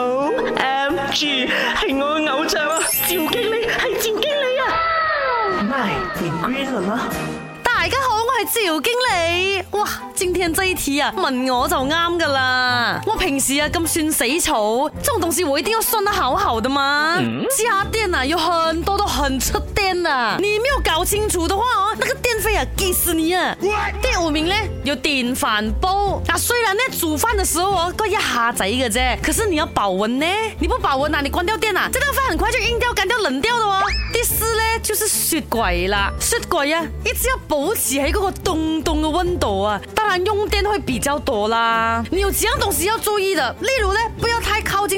O M G，係我嘅偶像啊！趙經理係趙經理啊！咪你 green 大家好，我係趙經理。哇！今天這一題啊，問我就啱㗎喇！我平時啊咁算死草，這種東西我一定要算得好好的嘛。嗯、家電啊，有很多都很出電啊，你沒有搞清楚的話哦，那個電費啊，計死你啊！What? 第五名呢有電飯煲，啊雖然呢煮飯的時候哦，都一下子嘅啫，可是你要保溫呢，你不保溫啊，你關掉電啊，這個飯很快就硬掉、乾掉、冷掉的哦。第四。就是雪櫃啦，雪櫃啊，一直要保持喺個凍凍嘅溫度啊，當然用電會比較多啦。你有幾樣東西要注意的，例如咧，不要太靠近。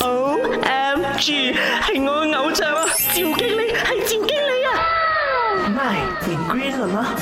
O M G，係我嘅偶像啊！趙經理係趙經理啊！咪你 green 啦？